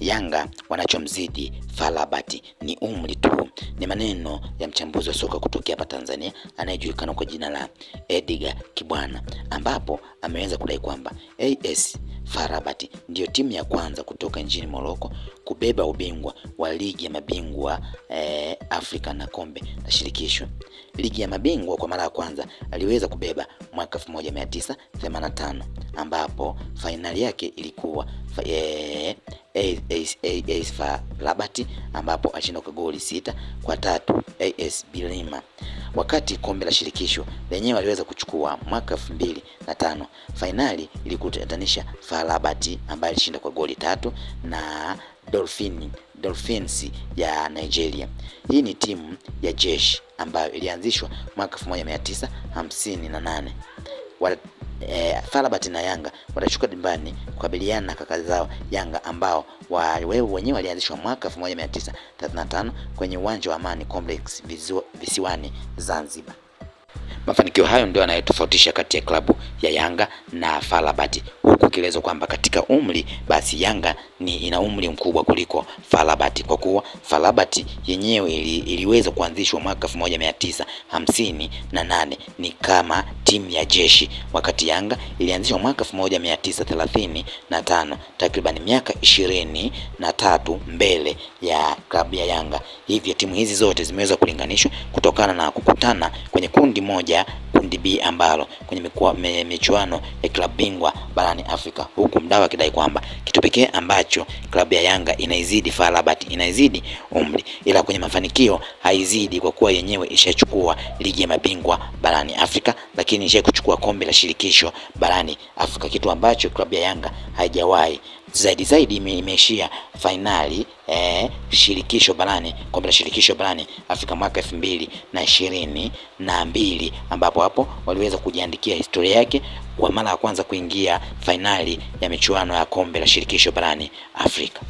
Yanga wanachomzidi Falabati ni umri tu. Ni maneno ya mchambuzi wa soka kutokea hapa Tanzania anayejulikana kwa jina la Edgar Kibwana, ambapo ameweza kudai kwamba AS Farabati ndiyo timu ya kwanza kutoka nchini Morocco kubeba ubingwa wa ligi ya mabingwa eh, Afrika na kombe la shirikisho. Ligi ya mabingwa kwa mara ya kwanza aliweza kubeba mwaka 1985 ambapo fainali yake ilikuwa eh, AS FAR Rabat ambapo alishinda kwa goli sita kwa tatu AS Bilima. Wakati kombe la shirikisho lenyewe aliweza kuchukua mwaka elfu mbili na tano. Fainali ilikutanisha FAR Rabat ambaye alishinda kwa goli tatu na Dolphin, Dolphins ya Nigeria. Hii ni timu ya jeshi ambayo ilianzishwa mwaka 1958 e, eh, Farabat na Yanga watashuka dimbani kukabiliana na kaka zao Yanga ambao wewe wenyewe walianzishwa mwaka 1935 kwenye uwanja wa Amani Complex visiwani Zanzibar. Mafanikio hayo ndio yanayotofautisha kati ya klabu ya Yanga na Farabat huku kielezo kwamba katika umri basi Yanga ni ina umri mkubwa kuliko Falabati, kwa kuwa Falabati yenyewe ili, iliweza kuanzishwa mwaka 1958 ni kama timu ya jeshi, wakati Yanga ilianzishwa mwaka 1935 takriban miaka ishirini na tatu mbele ya klabu ya Yanga. Hivyo timu hizi zote zimeweza kulinganishwa kutokana na kukutana kwenye kundi moja kundi B ambalo kwenye michuano ya klabu bingwa barani Afrika, huku mdau akidai kwamba kitu pekee ambacho klabu ya Yanga inaizidi FAR Rabat inaizidi umri, ila kwenye mafanikio haizidi, kwa kuwa yenyewe ishachukua ligi ya mabingwa barani Afrika, lakini kuchukua kombe la shirikisho barani Afrika, kitu ambacho klabu ya Yanga haijawahi zaidi zaidi imeishia fainali eh, shirikisho barani kombe la shirikisho barani Afrika mwaka elfu mbili na ishirini na mbili ambapo hapo waliweza kujiandikia historia yake kwa mara ya kwanza kuingia fainali ya michuano ya kombe la shirikisho barani Afrika.